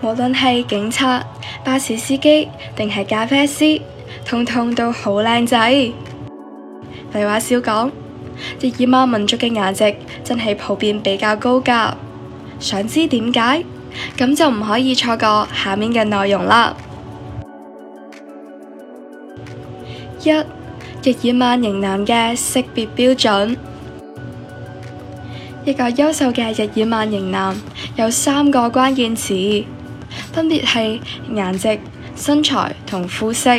無論係警察、巴士司機定係咖啡師，通通都好靚仔。廢話少講，日耳曼民族嘅顏值真係普遍比較高噶。想知點解？咁就唔可以錯過下面嘅內容啦。一、日耳曼型男嘅識別標準。一個優秀嘅日耳曼型男有三個關鍵詞。分別係顏值、身材同膚色。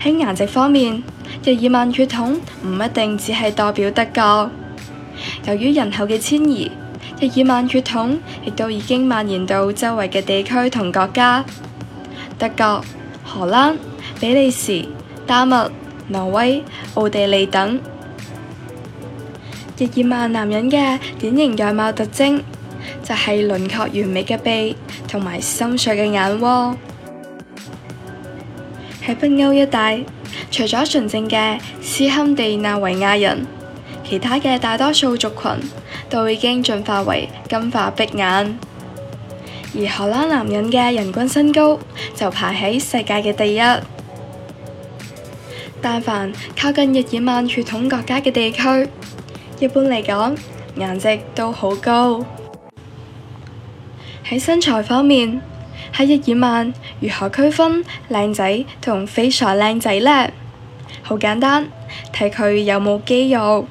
喺顏值方面，日耳曼血統唔一定只係代表德國。由於人口嘅遷移，日耳曼血統亦都已經蔓延到周圍嘅地區同國家，德國、荷蘭、比利時、丹麥、挪威、奧地利等。日耳曼男人嘅典型樣貌特徵。就係輪廓完美嘅鼻，同埋深邃嘅眼窩。喺北歐一帶，除咗純正嘅斯堪地那維亞人，其他嘅大多數族群都已經進化為金髮碧眼。而荷蘭男人嘅人均身高就排喺世界嘅第一。但凡靠近日耳曼血統國家嘅地區，一般嚟講，顏值都好高。喺身材方面，喺日耳曼如何區分靚仔同非常靚仔咧？好簡單，睇佢有冇肌肉。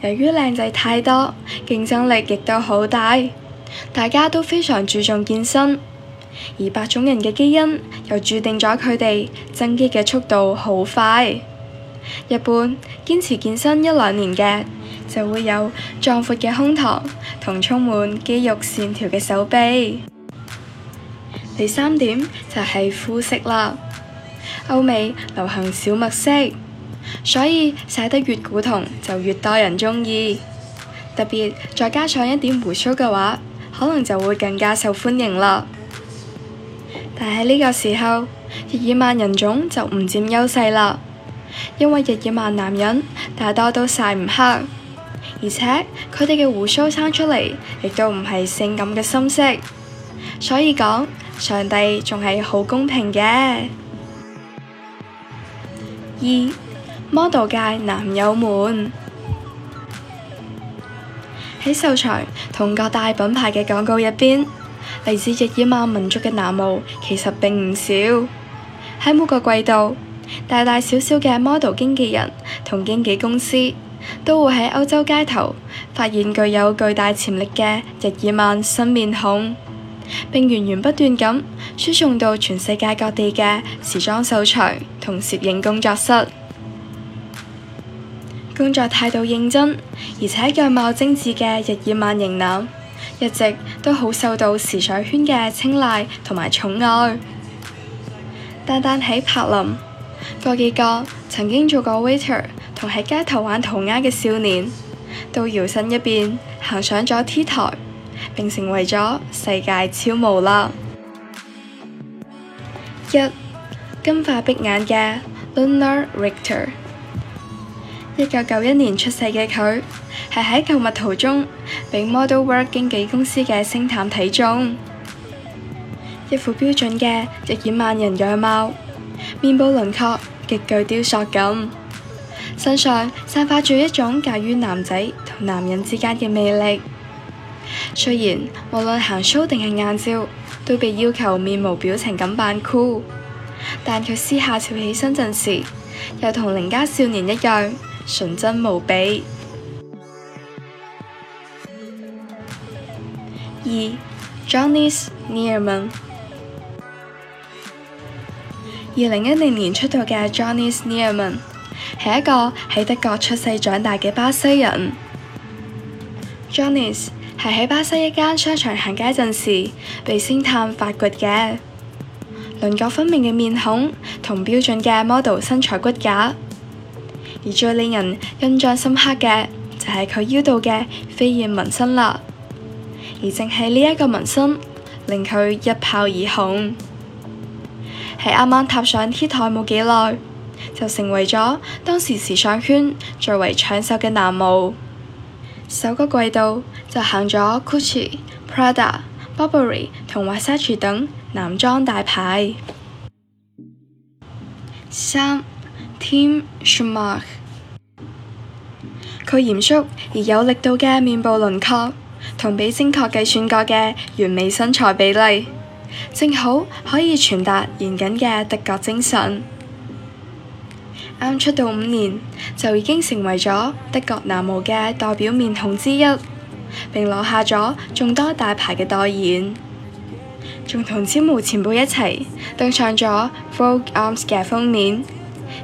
由於靚仔太多，競爭力亦都好大，大家都非常注重健身，而白種人嘅基因又註定咗佢哋增肌嘅速度好快。一般堅持健身一兩年嘅，就會有壯闊嘅胸膛同充滿肌肉線條嘅手臂。第三點就係膚色啦，歐美流行小麥色，所以曬得越古銅就越多人鍾意。特別再加上一點鬍鬚嘅話，可能就會更加受歡迎啦。但喺呢個時候，日耳曼人種就唔佔優勢啦，因為日耳曼男人大多都曬唔黑。而且佢哋嘅胡鬚生出嚟，亦都唔係性感嘅深色，所以講，上帝仲係好公平嘅。 二，model 界男友們，喺秀場同各大品牌嘅廣告入邊，嚟自日耳曼民族嘅男模其實並唔少。喺每個季度，大大小小嘅 model 經紀人同經紀公司，都會喺歐洲街頭發現具有巨大潛力嘅日耳曼新面孔，並源源不斷咁輸送到全世界各地嘅時裝秀場同攝影工作室。工作態度認真，而且樣貌精緻嘅日耳曼型男，一直都好受到時尚圈嘅青睞同埋寵愛。單單喺柏林，個幾個曾經做過 waiter，同喺街頭玩塗鴉嘅少年，都搖身一變，行上咗 T 台，並成為咗世界超模啦！一金髮碧眼嘅 Luna Richter，一九九一年出世嘅佢，係喺購物途中被 Model Work 經紀公司嘅星探睇中，一副標準嘅日耳曼人樣貌，面部輪廓極具雕塑感。身上散發著一種介於男仔同男人之間嘅魅力。雖然無論行 show 定係硬照，都被要求面無表情咁扮酷，但佢私下笑起身陣時，又同鄰家少年一樣純真無比。 二 Johnny Neiman。二零一零年出道嘅 Johnny Neiman。係一個喺德國出世長大嘅巴西人 Jonas 係喺巴西一間商場行街陣時，被星探發掘嘅，輪廓分明嘅面孔同標準嘅 model 身材骨架，而最令人印象深刻嘅就係、是、佢腰度嘅飛燕紋身啦，而正係呢一個紋身令佢一炮而紅，喺啱啱踏上 T 台冇幾耐。就成為咗當時時尚圈最為搶手嘅男模。首個季度就行咗 Gucci、Prada、Burberry 同 Versace 等男裝大牌。三，Tim Schumacher。佢 Sch、um、嚴肅而有力度嘅面部輪廓，同比精確計算過嘅完美身材比例，正好可以傳達嚴謹嘅德國精神。啱出道五年就已經成為咗德國男模嘅代表面孔之一，並攞下咗眾多大牌嘅代言，仲同超模前輩一齊登上咗 Vogue Hommes 嘅封面，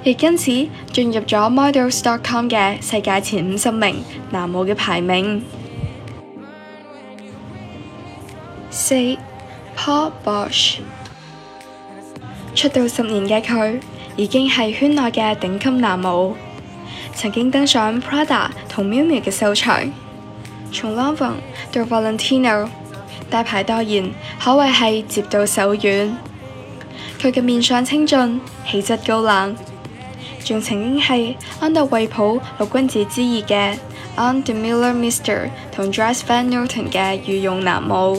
亦因此進入咗 models.com 嘅世界前五十名男模嘅排名。四，Paul Bosch，出道十年嘅佢。已經係圈內嘅頂級男模，曾經登上 Prada 同 Miu Miu 嘅秀場，從 Lanvin 到 Valentino 大牌代言，可謂係接到手軟。佢嘅面相清俊，氣質高冷，仲曾經係安特衛普六君子之二嘅 Ann Demeulemeester 同 Dries Van Noten 嘅御用男模。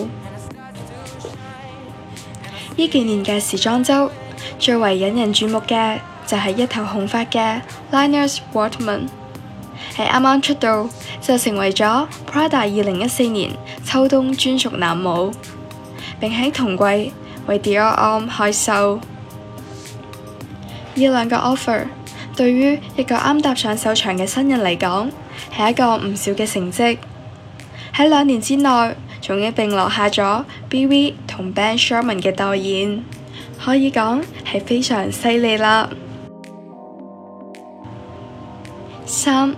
呢幾年嘅時裝周，最為引人注目嘅就係一頭紅髮嘅 Linus Waterman，喺啱啱出道就成為咗 Prada 二零一四年秋冬專屬男模，並喺同季為 Dior Homme 開 show。呢兩個 offer 對於一個啱踏上秀場嘅新人嚟講係一個唔少嘅成績。喺兩年之內仲一併落下咗 BV 同 Ben Sherman 嘅代言。可以講係非常犀利啦。三，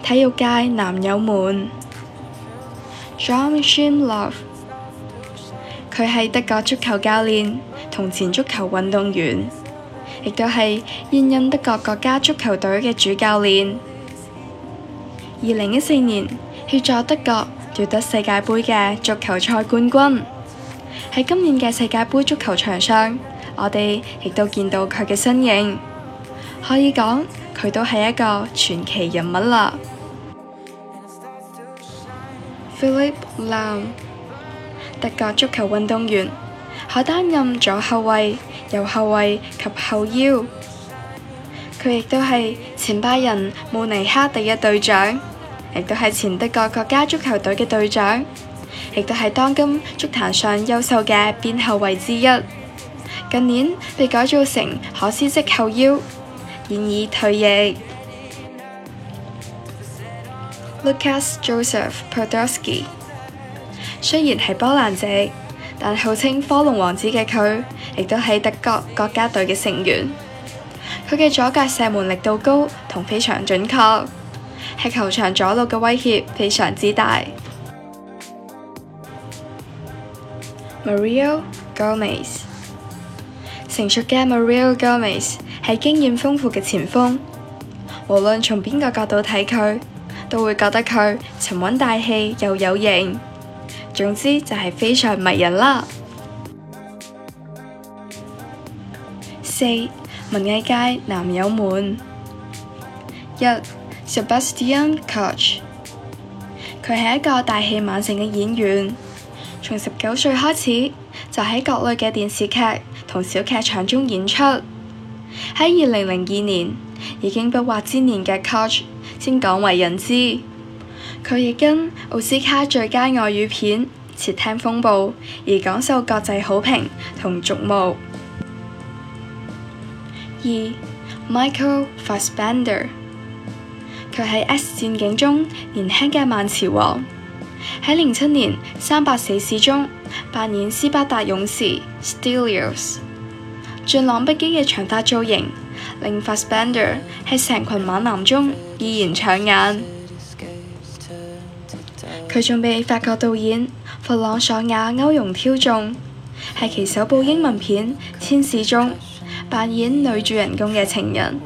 體育界男友們，Joachim Löw，佢係德國足球教練同前足球運動員，亦都係現任德國國家足球隊嘅主教練。二零一四年協助德國奪得世界盃嘅足球賽冠軍，喺今年嘅世界盃足球場上。我哋亦都見到佢嘅身影，可以講佢都係一個傳奇人物啦。Philip、e、l a m b 德國足球運動員，可擔任左後衛、右後衛及後腰。佢亦都係前巴人慕尼黑第一隊長，亦都係前德國國家足球隊嘅隊長，亦都係當今足壇上優秀嘅邊後衛之一。近年被改造成可司職後腰，現已退役。Lucas Joseph Podolski 雖然係波蘭籍，但號稱科隆王子嘅佢，亦都係德國國家隊嘅成員。佢嘅左腳射門力度高，同非常準確，喺球場左路嘅威脅非常之大。Mario Gomez 成熟嘅 Mario Gomez 係經驗豐富嘅前鋒，無論從邊個角度睇佢，都會覺得佢沉穩大氣又有型，總之就係非常迷人啦。四文藝界男友們，一 Sebastian Koch，佢係一個大器晚成嘅演員，從十九歲開始就喺各類嘅電視劇。同小劇場中演出，喺二零零二年已經不惑之年嘅 Koch 先廣為人知。佢亦跟奧斯卡最佳外語片《竊聽風暴》而廣受國際好評同矚目。 二，Michael Fassbender，佢喺《S 戰警》中年輕嘅萬磁王，喺零七年《三百死士》中，扮演斯巴達勇士 Stelios 俊朗不羈嘅長髮造型令 Fassbender 喺成群猛男中依然搶眼。佢仲被法國導演弗朗索瓦歐容挑中，係其首部英文片《天使》中扮演女主人公嘅情人。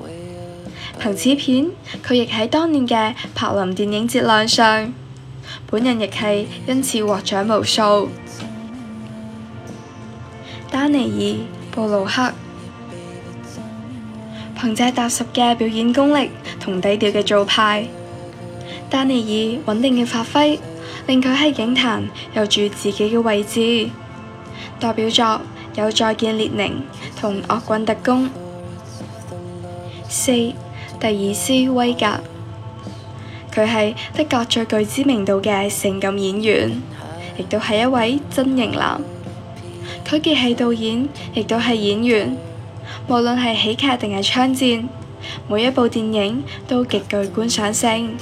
憑此片，佢亦喺當年嘅柏林電影節亮相，本人亦係因此獲獎無數。丹尼爾布魯克憑借踏實嘅表演功力同低調嘅做派，丹尼爾穩定嘅發揮令佢喺影壇有住自己嘅位置。代表作有《再見列寧》同《惡棍特工》。四，蒂爾斯威格，佢係德國最具知名度嘅性感演員，亦都係一位真型男。佢既係導演，亦都係演員。無論係喜劇定係槍戰，每一部電影都極具觀賞性。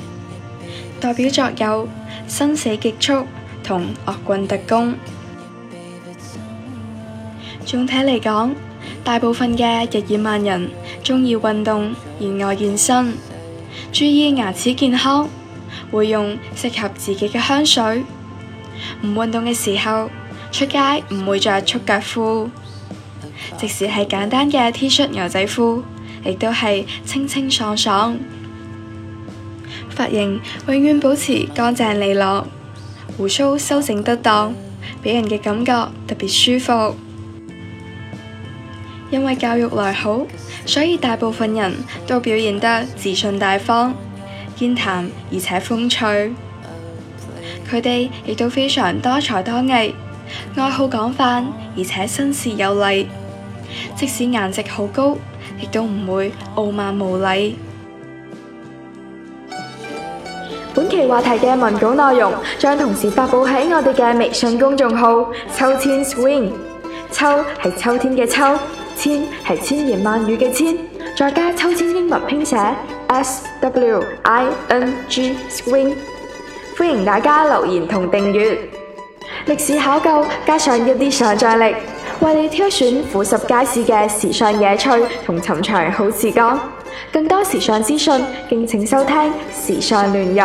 代表作有《生死極速》同《惡棍特工》。總體嚟講，大部分嘅日耳曼人鍾意運動，熱愛健身，注意牙齒健康，會用適合自己嘅香水。唔運動嘅時候，出街唔會着束腳褲，即使係簡單嘅 T 恤牛仔褲，亦都係清清爽爽。髮型永遠保持乾淨利落，胡鬚修整得當，俾人嘅感覺特別舒服。因為教育良好，所以大部分人都表現得自信大方、健談而且風趣。佢哋亦都非常多才多藝。愛好廣泛，而且紳士有禮。即使顏值好高，亦都唔會傲慢無禮。本期話題嘅文稿內容將同時發佈喺我哋嘅微信公眾號“秋千 swing”。秋係秋天嘅秋，千係千言萬語嘅千，再加秋千英文拼寫 S W I N G swing。歡迎大家留言同訂閱。歷史考究加上一啲想象力，為你挑選俯拾街市嘅時尚野趣同尋常好時光。更多時尚資訊，敬請收聽《時尚亂入》。